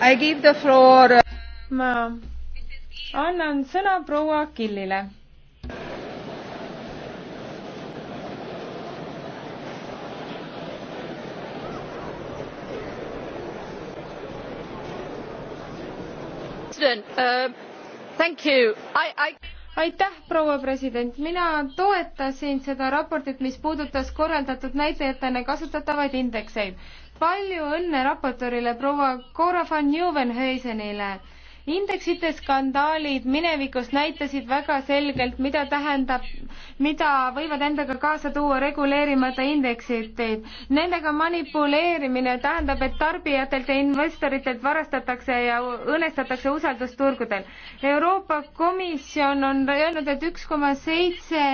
I give the floor. Uh, ma annan sõna proua Killile. president uh, thank you. I, I aitäh, proua president, mina toetasin seda raportit, mis puudutas korraldatud näitajatena kasutatavaid indekseid. palju õnne raportöörile proua Cora van Nieuwenhuisenile indeksite skandaalid minevikus näitasid väga selgelt, mida tähendab, mida võivad endaga kaasa tuua reguleerimata indeksid. Nendega manipuleerimine tähendab, et tarbijatelt ja investoritelt varastatakse ja õõnestatakse usaldust turgudel. Euroopa Komisjon on öelnud, et üks koma seitse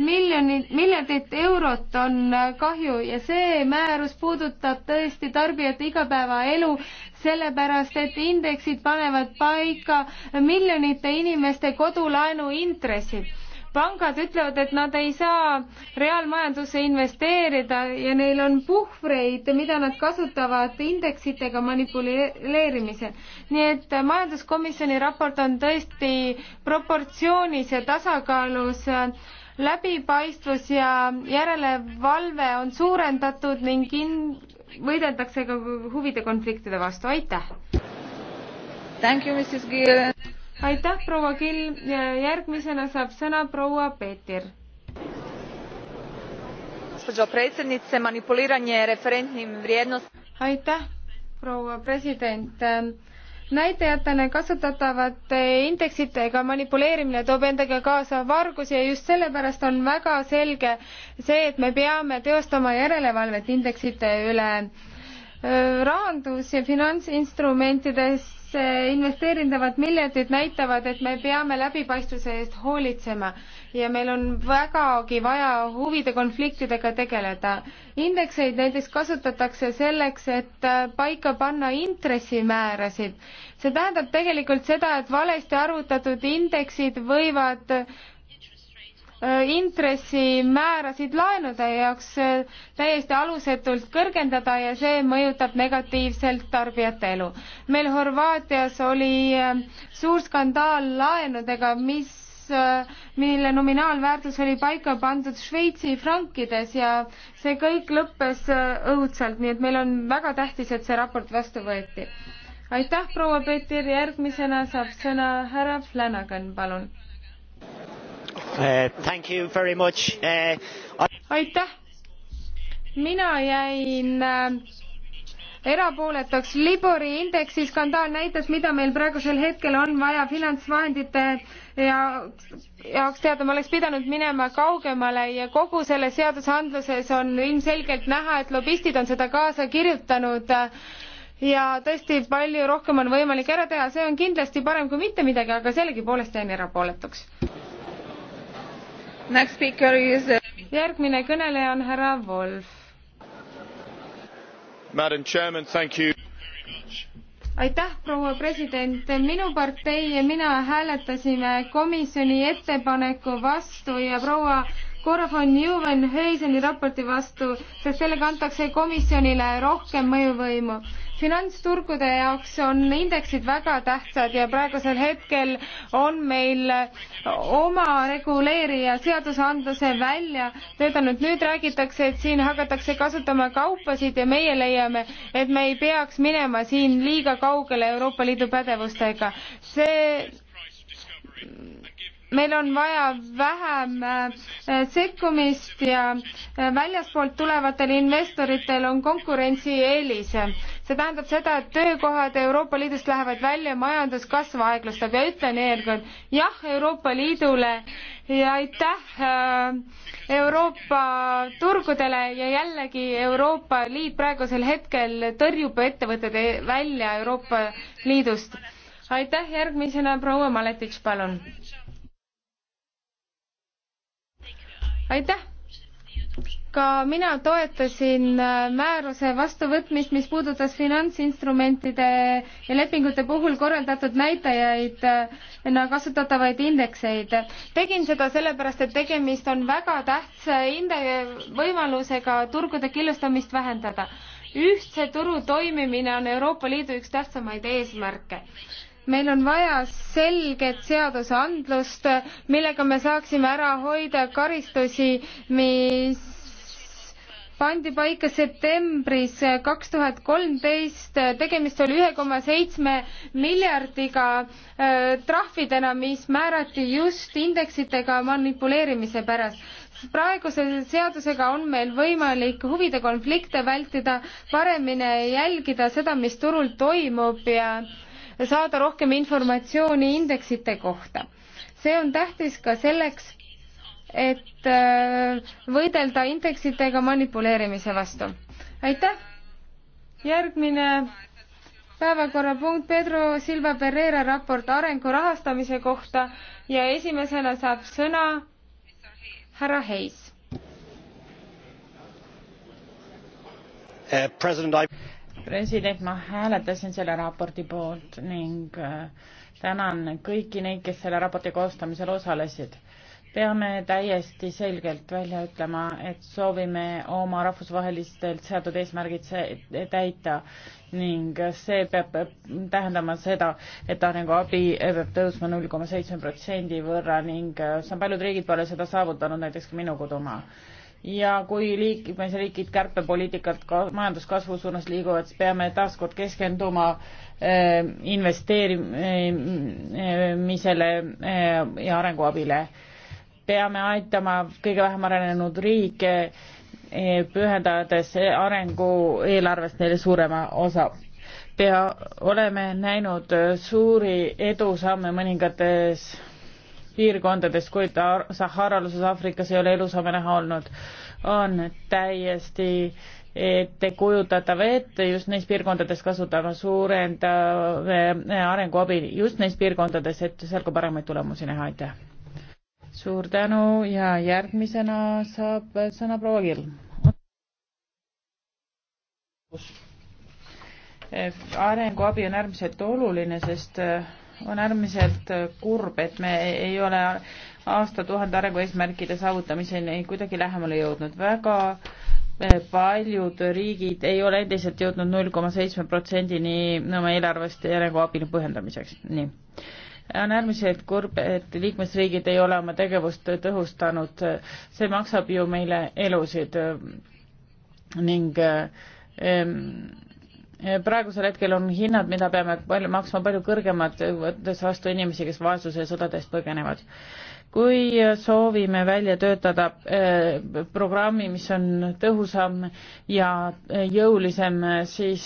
miljonit, miljardit eurot on äh, kahju ja see määrus puudutab tõesti tarbijate igapäevaelu, sellepärast et indeksid panevad paika miljonite inimeste kodulaenu intressid pangad ütlevad, et nad ei saa reaalmajandusse investeerida ja neil on puhvreid, mida nad kasutavad indeksitega manipuleerimisel. nii et äh, majanduskomisjoni raport on tõesti proportsioonis ja tasakaalus äh, läbipaistvus ja järelevalve on suurendatud ning in-, võideldakse ka huvide konfliktide vastu, aitäh! aitäh, proua Kill ja järgmisena saab sõna proua Peeter. aitäh, proua president näitajatena kasutatavate indeksitega manipuleerimine toob endaga kaasa vargusi ja just sellepärast on väga selge see, et me peame teostama järelevalvet indeksite üle rahandus. rahandus- ja finantsinstrumentidest investeeritavad miljardid näitavad, et me peame läbipaistvuse eest hoolitsema ja meil on vägagi vaja huvide konfliktidega tegeleda. indekseid näiteks kasutatakse selleks, et äh, paika panna intressimäärasid. see tähendab tegelikult seda, et valesti arvutatud indeksid võivad Äh, intressimäärasid laenude jaoks äh, täiesti alusetult kõrgendada ja see mõjutab negatiivselt tarbijate elu. meil Horvaatias oli äh, suur skandaal laenudega, mis mille nominaalväärtus oli paika pandud Šveitsi frankides ja see kõik lõppes õudselt, nii et meil on väga tähtis, et see raport vastu võeti. aitäh, proua Peeter, järgmisena saab sõna härra Flanagan, palun Uh, uh, aitäh! mina jäin äh, erapooletuks. Libori indeksi skandaal näitas, mida meil praegusel hetkel on vaja finantsvahendite jaoks, jaoks teada. me oleks pidanud minema kaugemale ja kogu selles seadusandluses on ilmselgelt näha, et lobistid on seda kaasa kirjutanud ja tõesti palju rohkem on võimalik ära teha. see on kindlasti parem kui mitte midagi, aga sellegipoolest jäin erapooletuks. Is... Uh, järgmine kõneleja on härra Wolf. aitäh, proua president, minu partei ja mina hääletasime komisjoni ettepaneku vastu ja proua Cora von Neuwenhuiseni raporti vastu, sest sellega antakse komisjonile rohkem mõjuvõimu finantsturgude jaoks on indeksid väga tähtsad ja praegusel hetkel on meil oma reguleerija seadusandluse välja töötanud. nüüd räägitakse, et siin hakatakse kasutama kaupasid ja meie leiame, et me ei peaks minema siin liiga kaugele Euroopa Liidu pädevustega. see meil on vaja vähem äh, sekkumist ja äh, väljaspoolt tulevatel investoritel on konkurentsieelis. see tähendab seda, et töökohad Euroopa Liidust lähevad välja, majanduskasv aeglustab ja ütlen veel kord jah Euroopa Liidule ja aitäh äh, Euroopa turgudele ja jällegi Euroopa Liit praegusel hetkel tõrjub ettevõtted e-, välja Euroopa Liidust. aitäh, järgmisena proua Maletitš, palun aitäh! ka mina toetasin äh, määruse vastuvõtmist, mis puudutas finantsinstrumentide ja lepingute puhul korraldatud näitajaid, äh, kasutatavaid indekseid. tegin seda sellepärast, et tegemist on väga tähtsa inde-, võimalusega turgude killustamist vähendada. ühtse turu toimimine on Euroopa Liidu üks tähtsamaid eesmärke meil on vaja selget seadusandlust, millega me saaksime ära hoida karistusi, mis pandi paika septembris kaks tuhat kolmteist, tegemist oli ühe koma seitsme miljardiga äh, trahvidena, mis määrati just indeksitega manipuleerimise pärast praeguse seadusega on meil võimalik huvide konflikte vältida, paremini jälgida seda, mis turul toimub ja äh, saada rohkem informatsiooni indeksite kohta. see on tähtis ka selleks, et äh, võidelda indeksitega manipuleerimise vastu. aitäh! järgmine päevakorrapunkt Pedro Silva Pereira raport arengu rahastamise kohta ja esimesena saab sõna härra Hayes president, ma hääletasin selle raporti poolt ning äh, tänan kõiki neid, kes selle raporti koostamisel osalesid. peame täiesti selgelt välja ütlema, et soovime oma rahvusvahelistelt seatud eesmärgid täita ning see peab tähendama seda, et arenguabi peab tõusma null koma seitsme protsendi võrra ning äh, paljud riigid pole seda saavutanud, näiteks ka minu kodumaa ja kui liikmesriigid kärpepoliitikat ka majanduskasvu suunas liiguvad, siis peame taaskord keskenduma eh, investeerimisele eh, mm, eh, ja arenguabile. peame aitama kõige vähem arenenud riike, pühendades arengueelarvest neile suurema osa. pea, oleme näinud suuri edusamme mõningates piirkondades, kuid Saharaluses Aafrikas ei ole elusame näha olnud, on täiesti ettekujutatav, et just neis piirkondades kasutame suurendame arenguabi just neis piirkondades, et seal ka paremaid tulemusi näha, aitäh. suur tänu ja järgmisena saab sõna proua Kirm. arenguabi on äärmiselt oluline, sest on äärmiselt kurb, et me ei ole aastatuhande arengueesmärkide saavutamiseni kuidagi lähemale jõudnud. väga eh, paljud riigid ei ole endiselt jõudnud null koma seitsme protsendini oma eelarvest arenguabile põhjendamiseks. nii. on äärmiselt kurb, et liikmesriigid ei ole oma tegevust tõhustanud. see maksab ju meile elusid ning ähm, Eh, praegusel hetkel on hinnad, mida peame palju, maksma palju kõrgemad, võttes vastu inimesi, kes vaesuse ja sõdade eest põgenevad. kui soovime välja töötada eh, programmi, mis on tõhusam ja eh, jõulisem, siis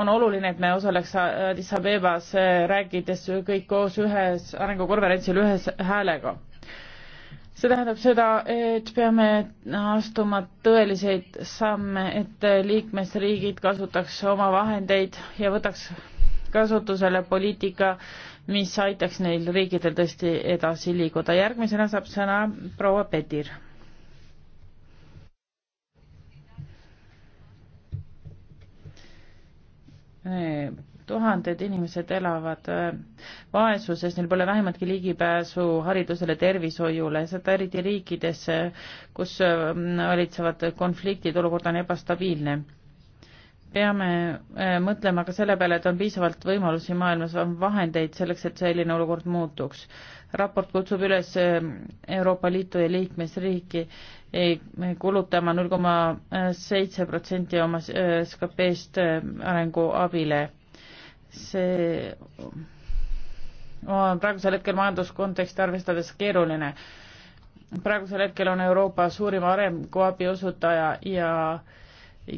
on oluline, et me osaleks Addis Abebas, rääkides kõik koos ühes arengukonverentsil ühes häälega see tähendab seda, et peame astuma tõeliseid samme, et liikmesriigid kasutaks oma vahendeid ja võtaks kasutusele poliitika, mis aitaks neil riikidel tõesti edasi liiguda. järgmisena saab sõna proua Petir. Äh, tuhanded inimesed elavad äh, vaesuses, neil pole vähimatki ligipääsu haridusele, tervishoiule, seda eriti riikides, äh, kus ähm, valitsevad konfliktid, olukord on ebastabiilne. peame äh, mõtlema ka selle peale, et on piisavalt võimalusi maailmas, on vahendeid selleks, et selline olukord muutuks. raport kutsub üles Euroopa Liitu ja liikmesriiki kulutama null koma seitse protsenti oma SKP-st arenguabile see on praegusel hetkel majanduskonteksti arvestades keeruline. praegusel hetkel on Euroopa suurim arenguabi osutaja ja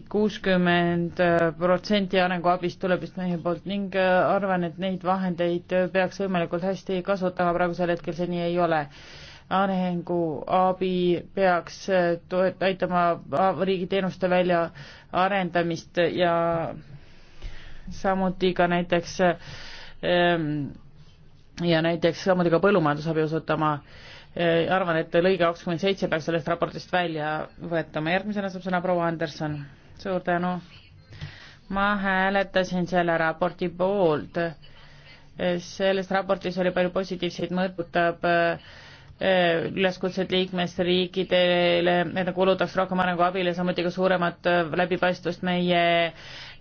kuuskümmend protsenti arenguabist tuleb just meie poolt ning äh, arvan, et neid vahendeid peaks võimalikult hästi kasutama, praegusel hetkel see nii ei ole. arenguabi peaks äh, toet-, aitama äh, riigi teenuste väljaarendamist ja samuti ka näiteks ehm, ja näiteks samuti ka põllumajandusabi osutama. Eh, arvan, et lõige kakskümmend seitse peaks sellest raportist välja võetama. järgmisena saab sõna proua Anderson. suur tänu. ma hääletasin selle raporti poolt. Eh, selles raportis oli palju positiivseid, mõõdutab äh, eh, üleskutsed liikmesriikidele, et nad kulutaks rohkem arenguabile, samuti ka suuremat äh, läbipaistvust meie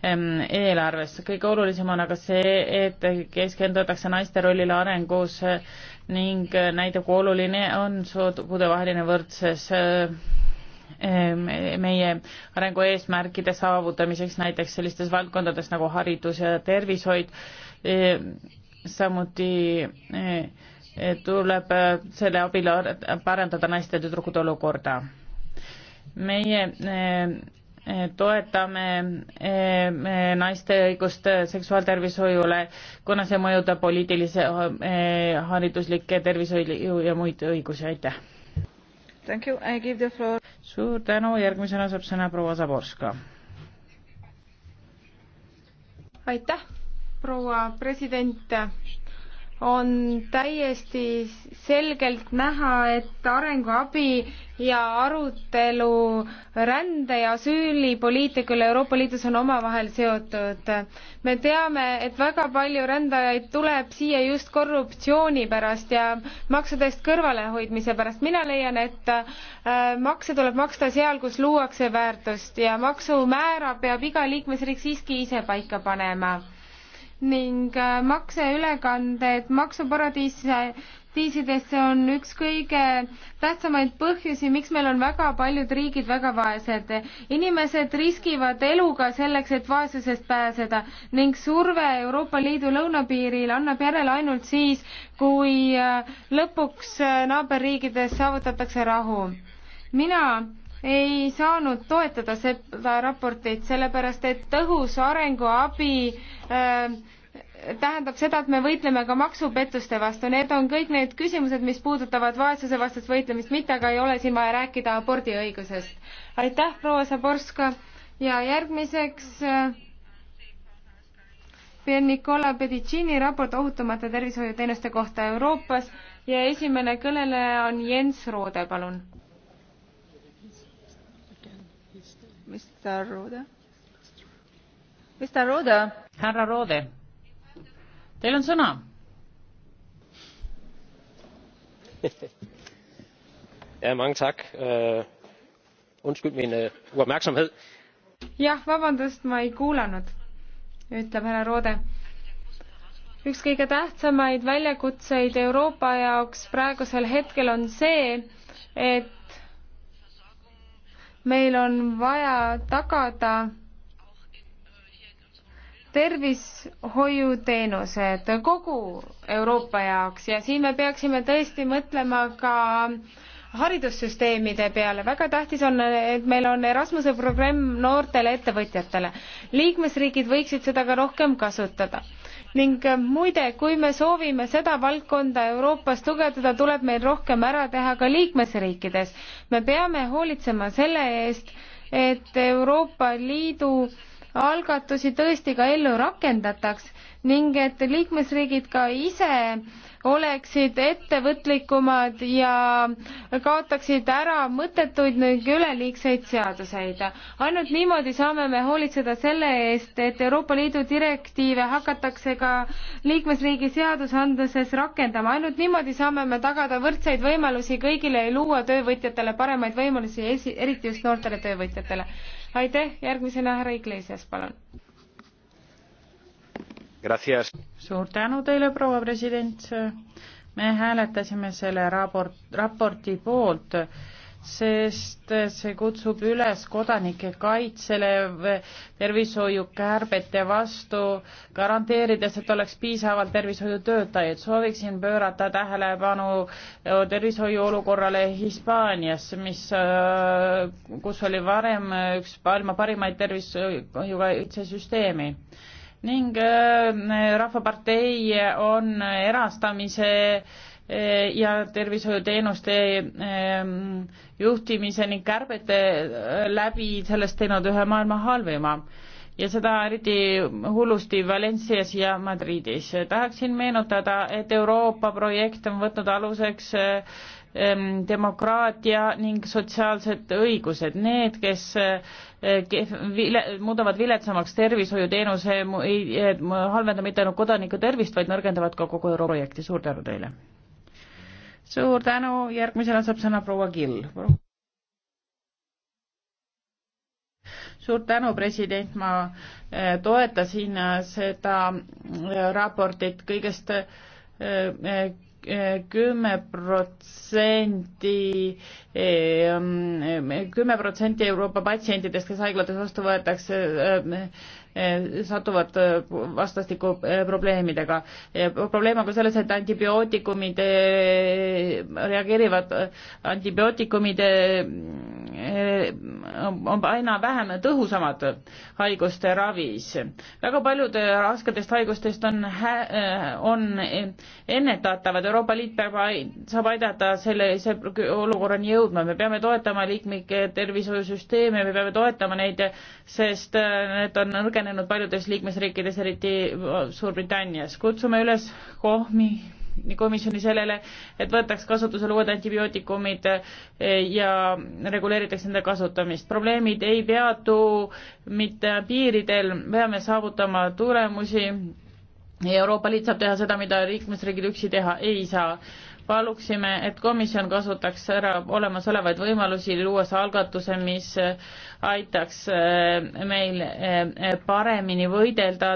ähm, eelarves. kõige olulisem on aga see, et keskendutakse naiste rollile arengus äh, ning äh, näitab, kui oluline on sugudevaheline võrdsus ähm, meie arengu eesmärkide saavutamiseks näiteks sellistes valdkondades nagu haridus ja tervishoid, samuti tuleb äh, selle abil parandada naiste ja tüdrukute olukorda. meie äh, äh, toetame naiste õigust seksuaaltervishoiule, kuna see mõjutab poliitilise, hariduslikke, tervishoiu ja muid õigusi, aitäh. suur tänu, järgmisena saab sõna proua Zaborska. aitäh, proua president on täiesti selgelt näha, et arenguabi ja arutelu rände ja asüülipoliitika üle Euroopa Liidus on omavahel seotud. me teame, et väga palju rändajaid tuleb siia just korruptsiooni pärast ja maksudest kõrvalehoidmise pärast. mina leian, et äh, makse tuleb maksta seal, kus luuakse väärtust ja maksumäära peab iga liikmesriik siiski ise paika panema ning äh, makseülekanded maksuparadiisidesse on üks kõige tähtsamaid põhjusi, miks meil on väga paljud riigid väga vaesed. inimesed riskivad eluga selleks, et vaesusest pääseda ning surve Euroopa Liidu lõunapiiril annab järele ainult siis, kui äh, lõpuks äh, naaberriikides saavutatakse rahu. mina ei saanud toetada seda raportit, sellepärast et tõhus arenguabi äh, tähendab seda, et me võitleme ka maksupettuste vastu, need on kõik need küsimused, mis puudutavad vaesusevastast võitlemist, mitte aga ei ole siin vaja rääkida abordiõigusest. aitäh, proua Zaborska ja järgmiseks äh, Pier Nicola Pedicini raport ohutamata tervishoiuteenuste kohta Euroopas ja esimene kõneleja on Jens Roode, palun Mr Rode. Mr Rode. härra Rode, teil on sõna ja mange tak uh, undskyld min uh, uopmærksomhed jah vabandust ma ei kuulanud ütleb härra Roode üks kõige tähtsamaid väljakutseid Euroopa jaoks praegusel hetkel on see et meil on vaja tagada tervishoiuteenused kogu Euroopa jaoks ja siin me peaksime tõesti mõtlema ka haridussüsteemide peale. väga tähtis on, et meil on Erasmuse programm noortele ettevõtjatele. liikmesriigid võiksid seda ka rohkem kasutada ning äh, muide, kui me soovime seda valdkonda Euroopas tugevdada, tuleb meil rohkem ära teha ka liikmesriikides. me peame hoolitsema selle eest, et Euroopa Liidu algatusi tõesti ka ellu rakendataks ning et liikmesriigid ka ise oleksid ettevõtlikumad ja kaotaksid ära mõttetuid ning üleliigseid seaduseid. ainult niimoodi saame me hoolitseda selle eest, et Euroopa Liidu direktiive hakatakse ka liikmesriigi seadusandluses rakendama. ainult niimoodi saame me tagada võrdseid võimalusi kõigile ja luua töövõtjatele paremaid võimalusi, eriti just noortele töövõtjatele aitäh, järgmisena härra Iglesias, palun. suur tänu teile, proua president. me hääletasime selle raport, raporti poolt sest see kutsub üles kodanike kaitsele tervishoiukärbete vastu, garanteerides, et oleks piisavalt tervishoiutöötajaid. sooviksin pöörata tähelepanu tervishoiu olukorrale Hispaanias, mis, kus oli varem üks maailma parimaid tervishoiukaitsesüsteemi ning Rahvapartei on erastamise äh, ja tervishoiuteenuste ehm, juhtimise ning kärbete äh, läbi sellest teinud ühe maailma halvima ja seda eriti hullusti Valencias ja Madridis. tahaksin meenutada, et Euroopa projekt on võtnud aluseks äh, ehm, demokraatia ning sotsiaalsed õigused, need, kes äh, kef, vile, muudavad viletsamaks tervishoiuteenuse, ei halvenda mitte ainult kodaniku tervist, vaid nõrgendavad ka kogu Euro projekti, suur tänu teile! suur tänu, järgmisena saab sõna proua Kill. suur tänu, president, ma eh, toetasin eh, seda eh, raportit kõigest kümme protsenti, mm, kümme protsenti Euroopa patsientidest, kes haiglates vastu võetakse, Eh, satuvad eh, vastastikku eh, probleemidega. probleem on ka selles, et antibiootikumid reageerivad, antibiootikumide Eh, on aina vähem tõhusamad haiguste ravis. väga paljud eh, rasketest haigustest on, eh, on ennetatavad, Euroopa Liit peab, saab aidata sellise olukorrani jõudma, me peame toetama liikmike tervishoiusüsteeme, me peame toetama neid, sest need on nõrgenenud paljudes liikmesriikides, eriti Suurbritannias. kutsume üles kohmi komisjoni sellele, et võetaks kasutusele uued antibiootikumid eh, ja reguleeritaks nende kasutamist. probleemid ei peatu mitte piiridel, peame saavutama tulemusi. Euroopa Liit saab teha seda, mida liikmesriigid üksi teha ei saa paluksime, et komisjon kasutaks ära olemasolevaid võimalusi, luues algatuse, mis äh, aitaks äh, meil äh, paremini võidelda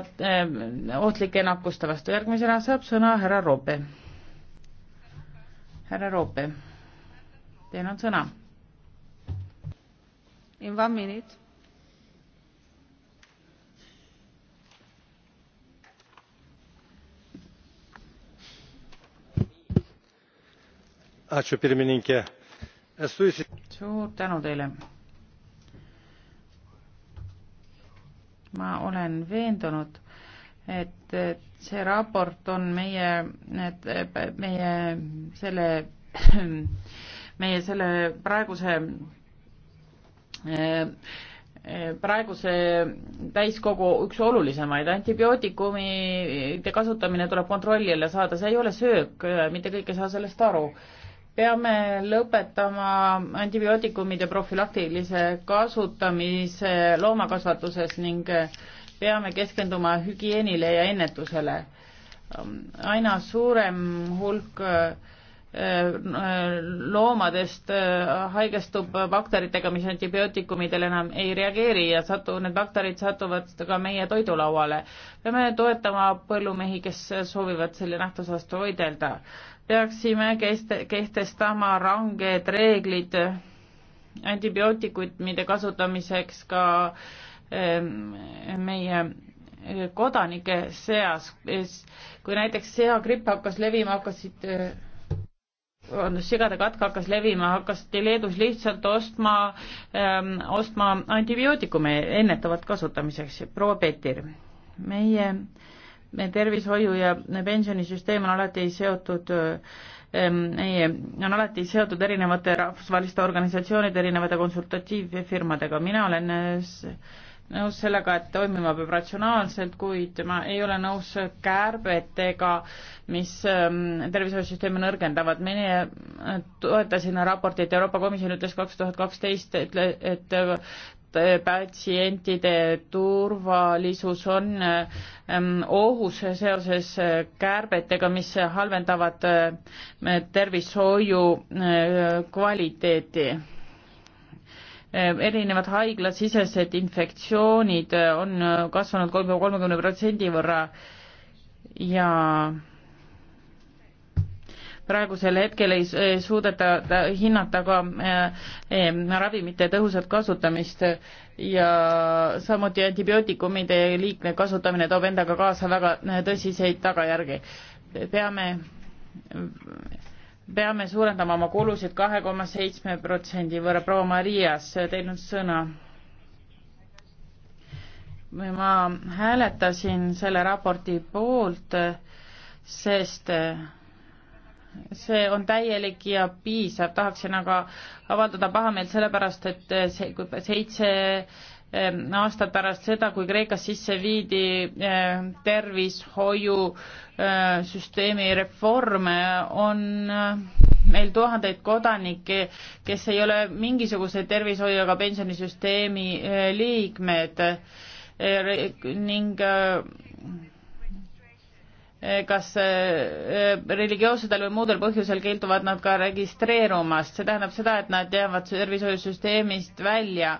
ohtlike nakkuste vastu. järgmisena saab sõna härra Roope. härra Roope, teil on sõna. In one minute suur tänu teile. ma olen veendunud, et see raport on meie, need, meie selle, meie selle praeguse praeguse täiskogu üks olulisemaid, antibiootikumide kasutamine tuleb kontrolli alla saada, see ei ole söök, mitte kõik ei saa sellest aru peame lõpetama antibiootikumide profülaktilise kasutamise loomakasvatuses ning peame keskenduma hügieenile ja ennetusele. aina suurem hulk äh, loomadest äh, haigestub bakteritega, mis antibiootikumidel enam ei reageeri ja satu-, need bakterid satuvad ka meie toidulauale. peame toetama põllumehi, kes soovivad selle nähtuse vastu võidelda peaksime kehtestama ranged reeglid antibiootikumide kasutamiseks ka ehm, meie kodanike seas, kui näiteks seagripp hakkas levima, hakkasid, vabandust, sigade katk hakkas levima, hakkasid Leedus lihtsalt ostma, ehm, ostma antibiootikume ennetavat kasutamiseks. proua Peeter, meie äh, tervishoiu ja pensionisüsteem on alati seotud ehm, meie, on alati seotud erinevate rahvusvaheliste organisatsioonide, erinevate konsultatiivfirmadega, mina olen eh, nõus sellega, et toimima peab ratsionaalselt, kuid ma ei ole nõus kärbetega, mis ehm, tervishoiusüsteemi nõrgendavad. meie eh, toetasime raportit, Euroopa Komisjon ütles kaks tuhat kaksteist, et Äh, patsientide turvalisus on ähm, ohus seoses äh, kärbetega, mis halvendavad äh, tervishoiu kvaliteeti. erinevad haiglasisesed infektsioonid on kasvanud kolmekümne protsendi võrra ja praegusel hetkel ei suudeta hinnata ka äh, äh, ravimite tõhusat kasutamist ja samuti antibiootikumide liigne kasutamine toob endaga kaasa väga äh, tõsiseid tagajärgi. peame peame suurendama oma kulusid kahe koma seitsme protsendi võrra. proua Marias, teil on sõna. ma hääletasin selle raporti poolt, sest see on täielik ja piisav, tahaksin aga avaldada pahameelt sellepärast, et see, kui seitse aastat pärast seda, kui Kreekas sisse viidi tervishoiusüsteemi reforme, on meil tuhandeid kodanikke, kes ei ole mingisuguse tervishoiu ega pensionisüsteemi liikmed ning kas äh, religioossedel või muudel põhjusel keelduvad nad ka registreerumast, see tähendab seda, et nad jäävad tervishoiusüsteemist välja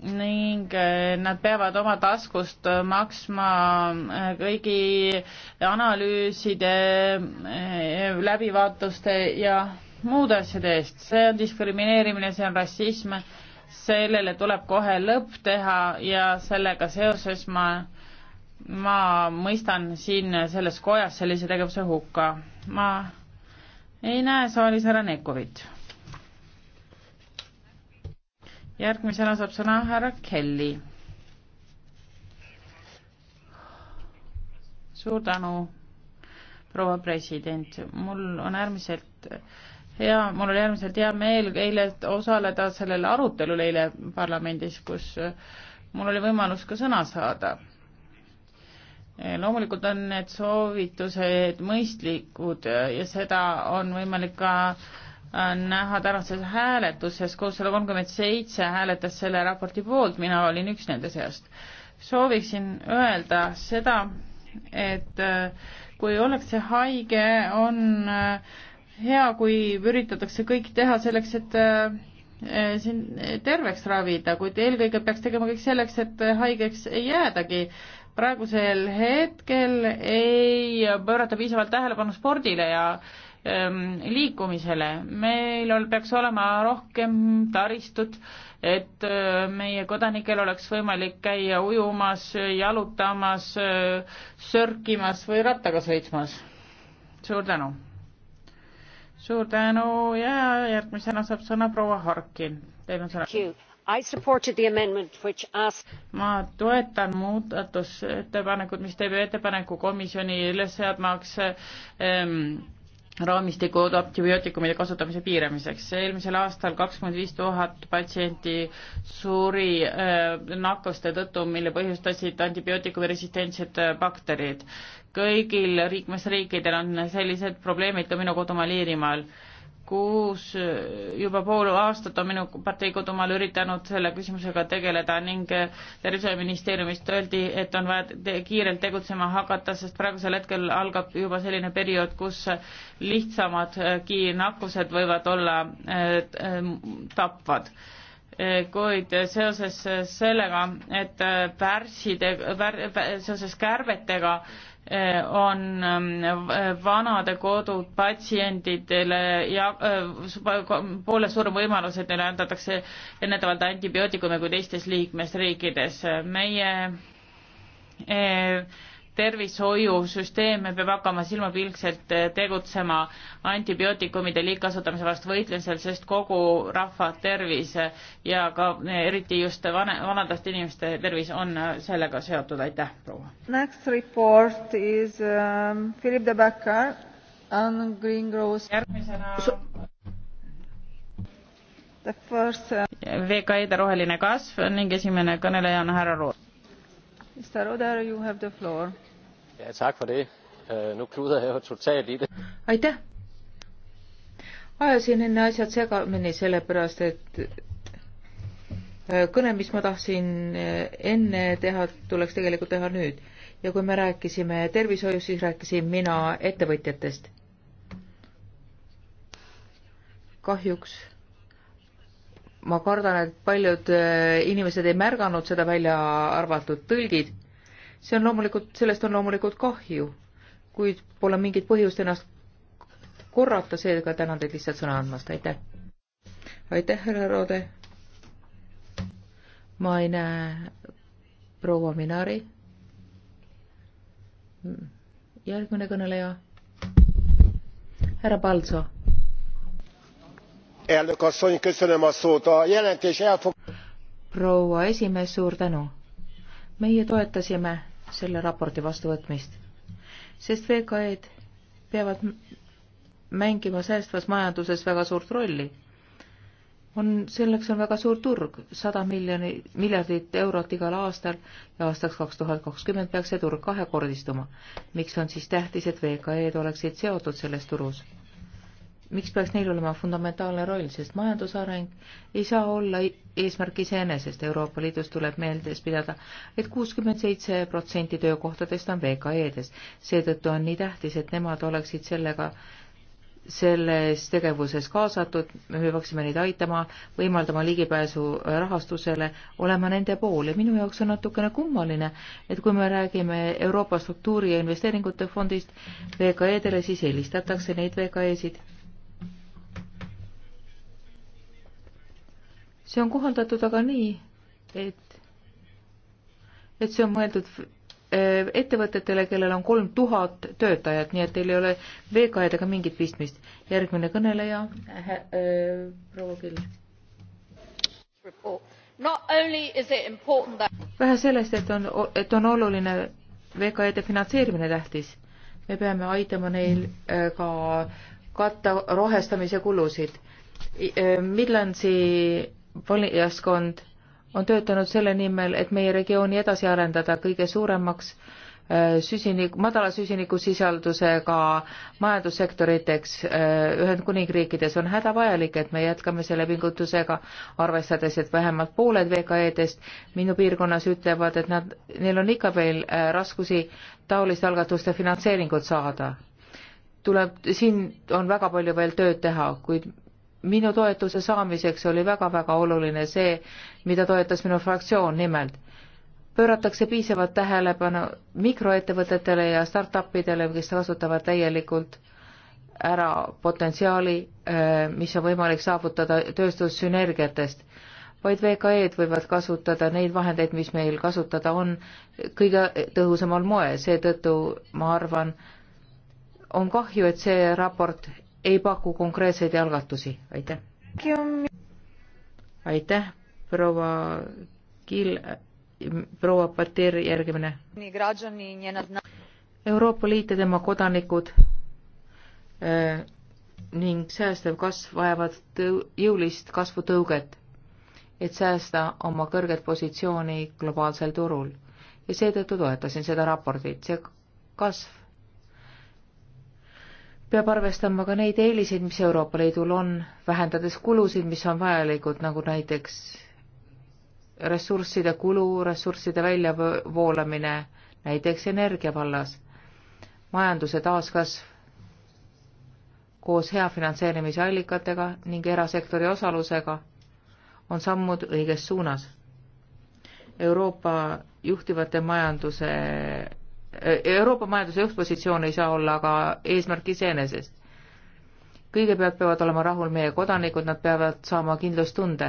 ning äh, nad peavad oma taskust maksma äh, kõigi analüüside, läbivaatuste ja muude asjade eest, see on diskrimineerimine, see on rassism, sellele tuleb kohe lõpp teha ja sellega seoses ma ma mõistan siin selles kojas sellise tegevuse hukka. ma ei näe saalis härra Nekovit. järgmisena saab sõna härra Kelly. suur tänu, proua president, mul on äärmiselt hea, mul oli äärmiselt hea meel eile osaleda sellel arutelul eile parlamendis, kus mul oli võimalus ka sõna saada Eh, loomulikult on need soovitused mõistlikud eh, ja seda on võimalik ka eh, näha tänases hääletuses, kuussada kolmkümmend seitse hääletas selle raporti poolt, mina olin üks nende seast. sooviksin öelda seda, et kui ollakse haige, on hea, kui üritatakse kõik teha selleks, et sind terveks ravida, kuid eelkõige peaks tegema kõik selleks, et haigeks ei jäädagi praegusel hetkel ei pöörata piisavalt tähelepanu spordile ja ähm, liikumisele. meil ol, peaks olema rohkem taristut, et äh, meie kodanikel oleks võimalik käia ujumas, jalutamas äh,, sörkimas või rattaga sõitmas. suur tänu! suur tänu ja järgmisena saab sõna proua Harkin. Teil on sõna ma toetan muudatusettepanekut mis teeb ettepaneku komisjoni üles seadmaks ähm, raamistiku antibiootikumide kasutamise piiramiseks. eelmisel aastal kakskümmend viis tuhat patsienti suri äh, nakkuste tõttu, mille põhjustasid antibiootikumresistentsed ehm, bakterid. kõigil liikmesriikidel on sellised probleemid ka minu kodumaal Iirimaal äh, kus juba pool aastat on minu partei kodumaal üritanud selle küsimusega tegeleda ning tervishoiuministeeriumist öeldi, et on vaja te kiirelt tegutsema hakata, sest praegusel hetkel algab juba selline periood, kus lihtsamadki äh, nakkused võivad olla äh, äh, tapvad kuid seoses sellega, et pärside pär,, seoses kärbetega äh, Äh, on ähm, vanade kodud patsientidele ja äh, poole suurem võimalus, et neile antatakse ennetavalt antibiootikume kui teistes liikmesriikides. meie äh, tervishoiusüsteem peab hakkama silmapilkselt eh, tegutsema antibiootikumide liigkasutamise vastu võitlemisel, sest kogu rahva tervis eh, ja ka eh, eriti just vana, vanadate inimeste tervis on sellega seotud, aitäh proua. Next report is um, Philip de Becker on Green Growth. järgmisena so VKE-de uh, roheline kasv ning esimene kõneleja on härra Rood. Mr Roder, you have the floor Øh, aitäh! ajasin enne asjad segamini, sellepärast et äh, kõne, mis ma tahtsin äh, enne teha, tuleks tegelikult teha nüüd. ja kui me rääkisime tervishoiust, siis rääkisin mina ettevõtjatest. kahjuks ma kardan, et paljud äh, inimesed ei märganud seda, välja arvatud tõlgid see on loomulikult, sellest on loomulikult kahju, kuid pole mingit põhjust ennast korrata, seega tänan teid lihtsalt sõna andmast, aitäh. aitäh, härra Roode. ma ei näe proua Minari. järgmine kõneleja. härra Paltso. proua esimees, suur tänu. meie toetasime selle raporti vastuvõtmist, sest VKE-d peavad mängima säästvas majanduses väga suurt rolli. on, selleks on väga suur turg, sada miljoni, miljardit eurot igal aastal ja aastaks kaks tuhat kakskümmend peaks see turg kahekordistuma. miks on siis tähtis, et VKE-d oleksid seotud selles turus? miks peaks neil olema fundamentaalne roll, sest majandusareng ei saa olla eesmärk iseenesest. Euroopa Liidus tuleb meeldes pidada et, et kuuskümmend seitse protsenti töökohtadest on VKE-des. seetõttu on nii tähtis, et nemad oleksid sellega selles tegevuses kaasatud, me peaksime neid aitama, võimaldama ligipääsu rahastusele, olema nende pool ja minu jaoks on natukene kummaline, et kui me räägime Euroopa struktuuri ja investeeringute fondist VKE-dele, siis eelistatakse neid VKE-sid see on kohandatud aga nii, et, et see on mõeldud eh, ettevõtetele, kellel on kolm tuhat töötajat, nii et teil ei ole veekaedega mingit pistmist. järgmine kõneleja äh,, äh, proua Kill. vähe sellest, et on, et on oluline veekaede finantseerimine tähtis, me peame aitama neil eh, ka katta rohestamise kulusid. Midlandsi valijaskond on töötanud selle nimel, et meie regiooni edasi arendada kõige suuremaks äh, süsinik, madala süsinikusisaldusega majandussektoriteks äh, Ühendkuningriikides on hädavajalik, et me jätkame selle pingutusega, arvestades, et vähemalt pooled VKE-dest minu piirkonnas ütlevad, et nad, neil on ikka veel äh, raskusi taoliste algatuste finantseeringut saada. tuleb, siin on väga palju veel tööd teha, kuid minu toetuse saamiseks oli väga-väga oluline see, mida toetas minu fraktsioon, nimelt pööratakse piisavat tähelepanu mikroettevõtetele ja startupidele, kes kasutavad täielikult ära potentsiaali, eh, mis on võimalik saavutada tööstussünergiatest, vaid VKE-d võivad kasutada neid vahendeid, mis meil kasutada on, kõige tõhusamal moel, seetõttu ma arvan, on kahju, et see raport ei paku konkreetseid algatusi, aitäh. aitäh, proua Kill, proua Patir, järgmine. Euroopa Liit ja tema kodanikud äh, ning säästev kasv vajavad tõu-, jõulist kasvutõuget, et säästa oma kõrget positsiooni globaalsel turul ja seetõttu toetasin seda raportit, see kasv peab arvestama ka neid eeliseid, mis Euroopa Liidul on, vähendades kulusid, mis on vajalikud, nagu näiteks ressursside kulu, ressursside väljavoolamine, näiteks energia vallas, majanduse taaskasv koos hea finantseerimise allikatega ning erasektori osalusega on sammud õiges suunas. Euroopa juhtivate majanduse Euroopa majanduse juhtpositsioon ei saa olla aga eesmärk iseenesest. kõigepealt peavad olema rahul meie kodanikud, nad peavad saama kindlustunde.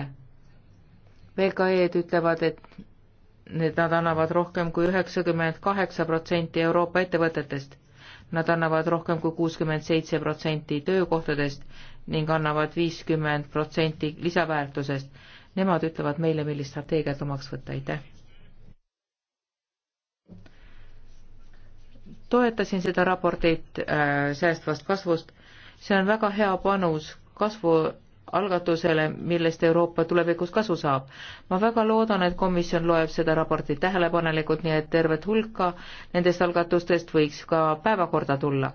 VKE-d ütlevad, et need, nad annavad rohkem kui üheksakümmend kaheksa protsenti Euroopa ettevõtetest. Nad annavad rohkem kui kuuskümmend seitse protsenti töökohtadest ning annavad viiskümmend protsenti lisaväärtusest. Nemad ütlevad meile, millist strateegiat omaks võtta, aitäh! toetasin seda raportit äh, säästvast kasvust. see on väga hea panus kasvualgatusele, millest Euroopa tulevikus kasu saab. ma väga loodan, et komisjon loeb seda raportit tähelepanelikult, nii et tervet hulka nendest algatustest võiks ka päevakorda tulla.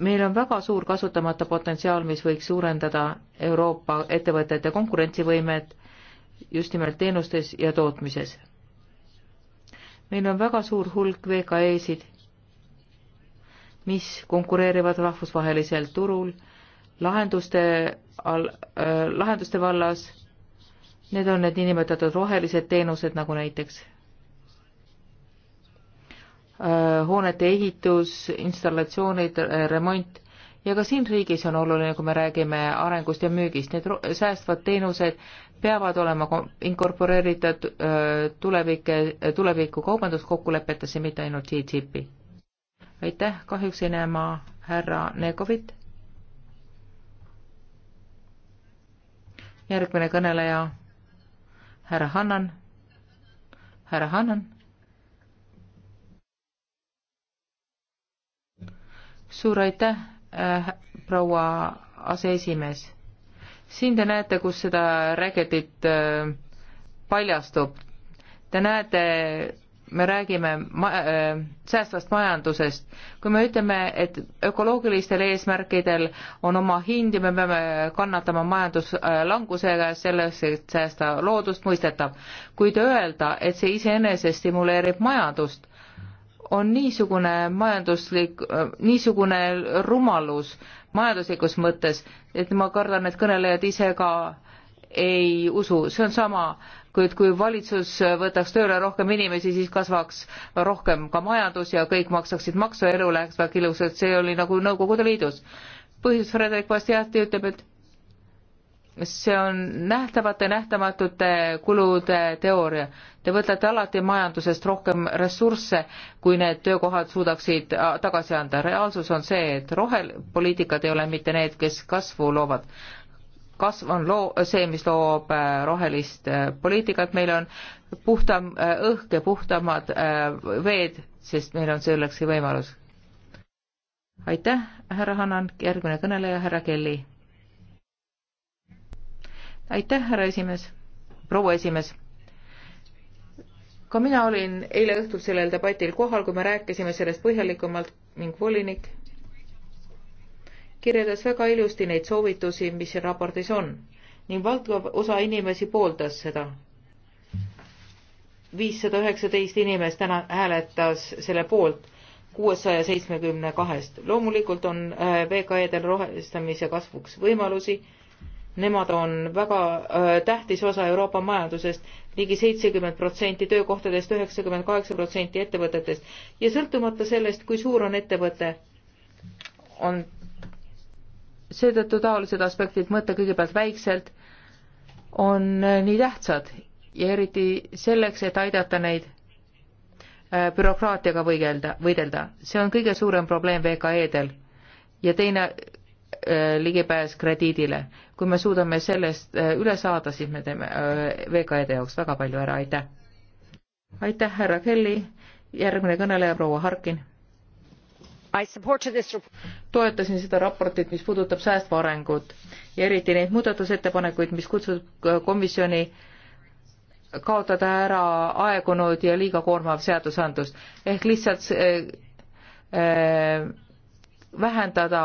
meil on väga suur kasutamata potentsiaal, mis võiks suurendada Euroopa ettevõtete konkurentsivõimet just nimelt teenustes ja tootmises. meil on väga suur hulk VKE-sid mis konkureerivad rahvusvahelisel turul lahenduste all äh,, lahenduste vallas. Need on need niinimetatud rohelised teenused, nagu näiteks äh, hoonete ehitus, installatsioonid äh,, remont ja ka siin riigis on oluline, kui me räägime arengust ja müügist, need säästvad teenused peavad olema inkorporeeritud äh, tulevike, äh, tuleviku kaubanduskokkulepetesse, mitte ainult TTIP-i aitäh, kahjuks ei näe ma härra Negovit. järgmine kõneleja, härra Hannan, härra Hannan. suur aitäh äh,, proua aseesimees. siin te näete, kus seda rägetit äh, paljastub. Te näete me räägime ma, äh, säästvast majandusest, kui me ütleme, et ökoloogilistel eesmärkidel on oma hind ja me peame kannatama majanduslanguse käes selleks, et säästa loodust, mõistetav. kuid öelda, et see iseenesest stimuleerib majandust, on niisugune majanduslik, äh, niisugune rumalus majanduslikus mõttes, et ma kardan, et kõnelejad ise ka ei usu, see on sama äh, kuid kui valitsus võtaks tööle rohkem inimesi, siis kasvaks rohkem ka majandus ja kõik maksaksid maksu ja elu läheks väga ilusalt, see oli nagu Nõukogude Liidus. põhjus Frederik Bastiati ütleb, et see on nähtavate, nähtamatute kulude teooria. Te võtate alati majandusest rohkem ressursse, kui need töökohad suudaksid tagasi anda. reaalsus on see, et rohepoliitikad ei ole mitte need, kes kasvu loovad, kasv on loo-, see, mis loob äh, rohelist äh, poliitikat, meil on puhtam äh, õhk ja puhtamad veed, sest meil on selleks võimalus. aitäh, härra Hanan, järgmine kõneleja, härra Kelly. aitäh, härra esimees, proua esimees ka mina olin eile õhtul sellel debatil kohal, kui me rääkisime sellest põhjalikumalt ning volinik kirjeldas väga ilusti neid soovitusi, mis siin raportis on ning valdav osa inimesi pooldas seda. viissada üheksateist inimest täna hääletas selle poolt kuuesaja seitsmekümne kahest. loomulikult on äh, VKE-del rohestamise kasvuks võimalusi. Nemad on väga äh, tähtis osa Euroopa majandusest ligi, ligi seitsekümmend protsenti töökohtadest, üheksakümmend kaheksa protsenti ettevõtetest ja sõltumata sellest, kui suur on ettevõte, on seetõttu taolised aspektid, mõte kõigepealt väikselt, on äh, nii tähtsad ja eriti selleks, et aidata neid äh, bürokraatiaga võidelda, võidelda. see on kõige suurem probleem VKE-del. ja teine äh, ligipääs krediidile. kui me suudame sellest üle saada, siis me teeme VKE-de jaoks väga palju ära, aitäh! aitäh, härra Kelly, järgmine kõneleja, proua Harkin toetasin seda raportit mis puudutab säästva arengut ja eriti neid muudatusettepanekuid mis kutsuvad komisjoni kaotada ära aegunud ja liiga koormav seadusandlus ehk lihtsalt eh, eh, vähendada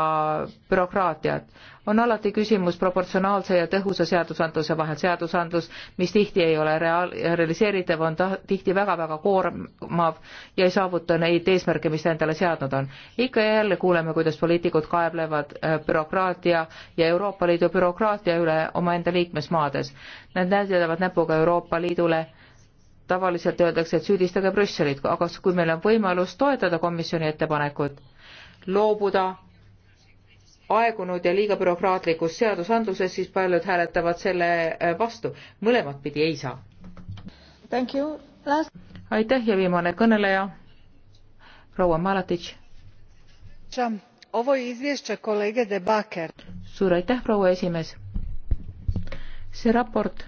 bürokraatiat on alati küsimus proportsionaalse ja tõhusa seadusandluse vahel. seadusandlus, mis tihti ei ole reaal-, realiseeritav, on ta-, tihti väga-väga koormav ja ei saavuta neid eesmärke, mis ta endale seadnud on. ikka ja jälle kuuleme, kuidas poliitikud kaeblevad äh, bürokraatia ja Euroopa Liidu bürokraatia üle omaenda liikmesmaades. Nad näitavad näpuga Euroopa Liidule tavaliselt öeldakse, et süüdistage Brüsselit, aga kui meil on võimalus toetada komisjoni ettepanekut, loobuda aegunud ja liiga bürokraatlikus seadusandluses, siis paljud hääletavad selle äh, vastu. mõlemat pidi ei saa. Last... aitäh ja viimane kõneleja, proua Malatitš. suur aitäh, proua esimees. see raport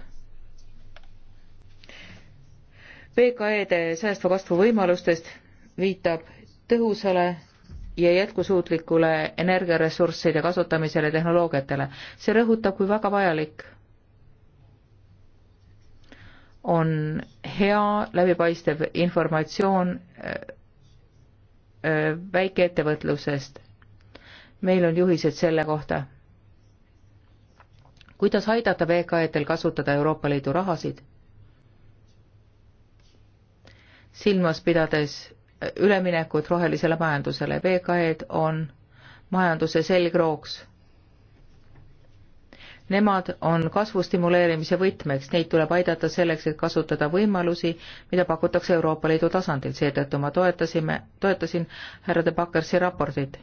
VKE-de säästva kasvu võimalustest viitab tõhusale ja jätkusuutlikule energiaressursside kasutamisele tehnoloogiatele. see rõhutab, kui väga vajalik on hea läbipaistev informatsioon äh, äh, väikeettevõtlusest. meil on juhised selle kohta, kuidas aidata VKE-del kasutada Euroopa Liidu rahasid, silmas pidades üleminekut rohelisele majandusele. VKE-d on majanduse selgrooks. Nemad on kasvu stimuleerimise võtmeks, neid tuleb aidata selleks, et kasutada võimalusi, mida pakutakse Euroopa Liidu tasandil, seetõttu ma toetasime, toetasin härra De Bakkersi raportit.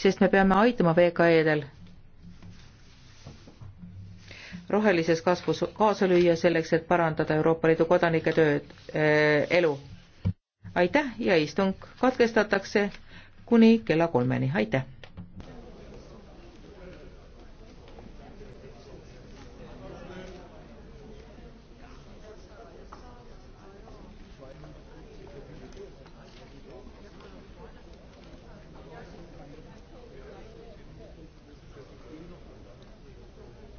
sest me peame aitama VKE-del rohelises kasvus kaasa lüüa selleks, et parandada Euroopa Liidu kodanike tööd äh,, elu aitäh ja istung katkestatakse kuni kella kolmeni, aitäh!